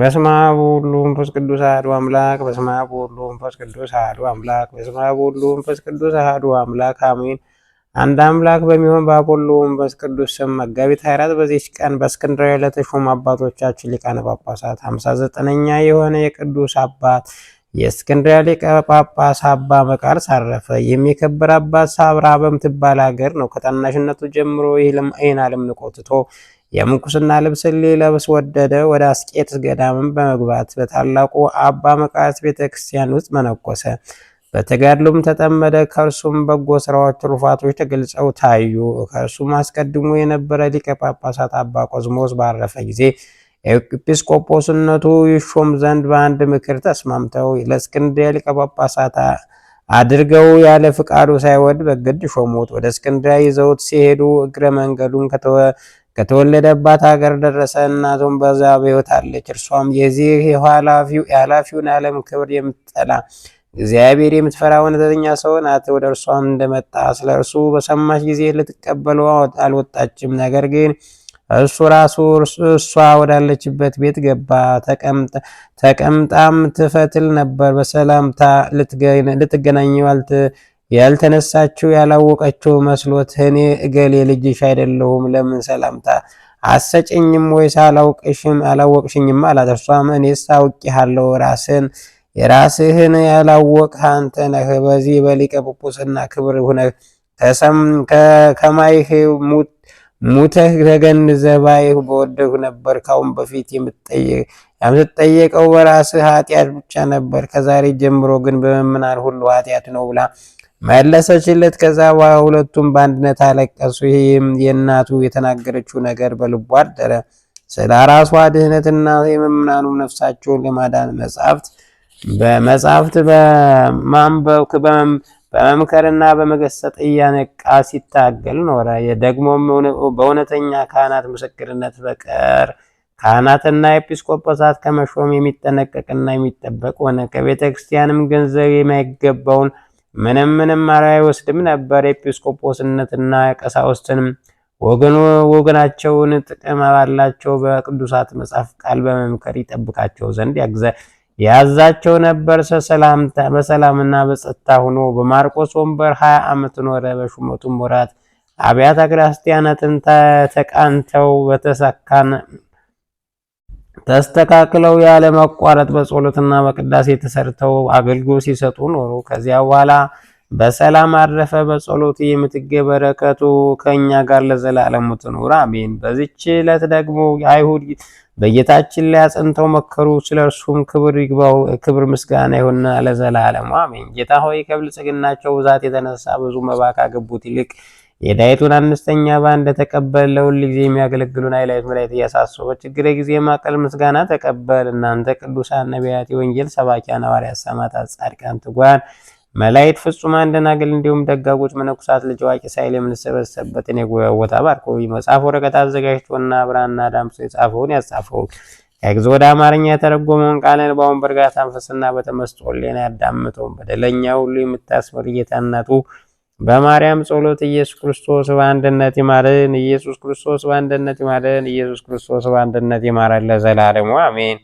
በስመ አብ ወወልድ ወመንፈስ ቅዱስ አሐዱ አምላክ። በስመ አብ ወወልድ ወመንፈስ ቅዱስ አሐዱ አምላክ። በስመ አብ ወወልድ ወመንፈስ ቅዱስ አሐዱ አምላክ አሜን። አንድ አምላክ በሚሆን በአብ ወወልድ ወመንፈስ ቅዱስ ስም መጋቢት 24 በዚች ቀን በእስክንድርያ ለተሾሙ አባቶቻችን ሊቃነ ጳጳሳት 59ኛ የሆነ የቅዱስ አባት የእስክንድርያ ሊቀ ጳጳስ አባ መቃርስ አረፈ። ይህም አባት ሳብራ በምትባል ሀገር ነው። ከታናሽነቱ ጀምሮ ይህን ዓለም ንቆ ትቶ የምንኩስና ልብስ ሊለብስ ወደደ። ወደ አስቄት ገዳምን በመግባት በታላቁ አባ መቃርስ ቤተ ክርስቲያን ውስጥ መነኮሰ። በተጋድሎም ተጠመደ። ከእርሱም በጎ ስራዎች ትሩፋቶች ተገልጸው ታዩ። ከእርሱም አስቀድሞ የነበረ ሊቀ ጳጳሳት አባ ቆዝሞስ ባረፈ ጊዜ ኤጲስቆጶስነቱ ይሾም ዘንድ በአንድ ምክር ተስማምተው ለእስክንድርያ ሊቀ ጳጳሳት አድርገው ያለ ፍቃዱ ሳይወድ በግድ ሾሙት። ወደ እስክንድርያ ይዘውት ሲሄዱ እግረ መንገዱን ከተወ ከተወለደባት ሀገር ደረሰ። እናቱም በዛ በሕይወት አለች። እርሷም የዚህ የኃላፊውን ዓለም ክብር የምትጠላ እግዚአብሔር የምትፈራ እውነተኛ ሰው ናት። ወደ እርሷም እንደመጣ ስለ እርሱ በሰማች ጊዜ ልትቀበለው አልወጣችም። ነገር ግን እሱ ራሱ እሷ ወዳለችበት ቤት ገባ። ተቀምጣም ትፈትል ነበር። በሰላምታ ልትገናኘው ያልተነሳችው ያላወቀችው መስሎት እኔ እገሌ ልጅሽ አይደለሁም ለምን ሰላምታ አሰጭኝም ወይስ አላውቅሽም አላወቅሽኝም አላት። እርሷም እኔስ አውቄሃለሁ ራስን የራስህን ያላወቅህ አንተ ነህ። በዚህ በሊቀ ጵጵስና ክብር ሁነህ ከማይህ ሙተህ ተገንዘህ ባይህ በወደሁ ነበር። ካሁን በፊት የምትጠየቀው በራስህ ኃጢአት ብቻ ነበር። ከዛሬ ጀምሮ ግን በመምናን ሁሉ ኃጢአት ነው ብላ መለሰችለት። ከዛ በኋላ ሁለቱም በአንድነት አለቀሱ። ይህም የእናቱ የተናገረችው ነገር በልቡ አደረ። ስለ ራሷ ድህነትና የመምናኑም ነፍሳቸውን ለማዳን መጽሐፍት በመጽሐፍት በማንበብ በመምከርና በመገሰጥ እያነቃ ሲታገል ኖረ። ደግሞም በእውነተኛ ካህናት ምስክርነት በቀር ካህናትና ኤጲስቆጶሳት ከመሾም የሚጠነቀቅና የሚጠበቅ ሆነ። ከቤተ ክርስቲያንም ገንዘብ የማይገባውን ምንም ምንም አይወስድም ነበር። ኤጲስቆጶስነትና ወገኑ ወገናቸውን ጥቅም ባላቸው በቅዱሳት መጽሐፍ ቃል በመምከር ይጠብቃቸው ዘንድ ያግዘ ያዛቸው ነበር። ሰላምታ በሰላምና በጸጥታ ሆኖ በማርቆስ ወንበር 20 ዓመት ኖረ። በሹመቱም ወራት አብያተ ክርስቲያናትን ተቃንተው በተሳካን ተስተካክለው ያለ መቋረጥ በጸሎትና በቅዳሴ ተሰርተው አገልግሎት ሲሰጡ ኖሩ። ከዚያ በኋላ በሰላም አረፈ። በጸሎት የምትገ በረከቱ ከእኛ ጋር ለዘላለሙ ትኑር አሜን። በዚች ዕለት ደግሞ አይሁድ በጌታችን ላይ አጽንተው መከሩ። ስለ እርሱም ክብር ይግባው፣ ክብር ምስጋና ይሁንና ለዘላለሙ አሜን። ጌታ ሆይ ከብልጽግናቸው ብዛት የተነሳ ብዙ መባ ካገቡት ይልቅ የዳይቱን አነስተኛ ባንድ ተቀበል። ለሁል ጊዜ የሚያገለግሉን ኃይላዊት መላይት እያሳሰበ ችግረ ጊዜ ማቀል ምስጋና ተቀበል። እናንተ ቅዱሳን ነቢያት፣ የወንጌል ሰባኪያን ሐዋርያት፣ ሰማዕታት፣ ጻድቃን፣ ትጓን መላይት ፍጹማን ደናግል፣ እንዲሁም ደጋጎች መነኩሳት ልጅ አዋቂ ሳይል የምንሰበሰብበትን የጉባኤ ቦታ ባርኮ መጽሐፍ ወረቀት አዘጋጅቶና ብራና ዳምሶ የጻፈውን ያጻፈውን ከግዕዝ ወደ አማርኛ የተረጎመውን ቃለ ንባውን በእርጋታ መንፈስና በተመስጦ ሌና ያዳምጠውን በደለኛ ሁሉ የምታስምር እየታናቱ በማርያም ጸሎት ኢየሱስ ክርስቶስ በአንድነት ይማረን። ኢየሱስ ክርስቶስ በአንድነት ይማረን። ኢየሱስ ክርስቶስ በአንድነት ይማረን ለዘላለሙ አሜን።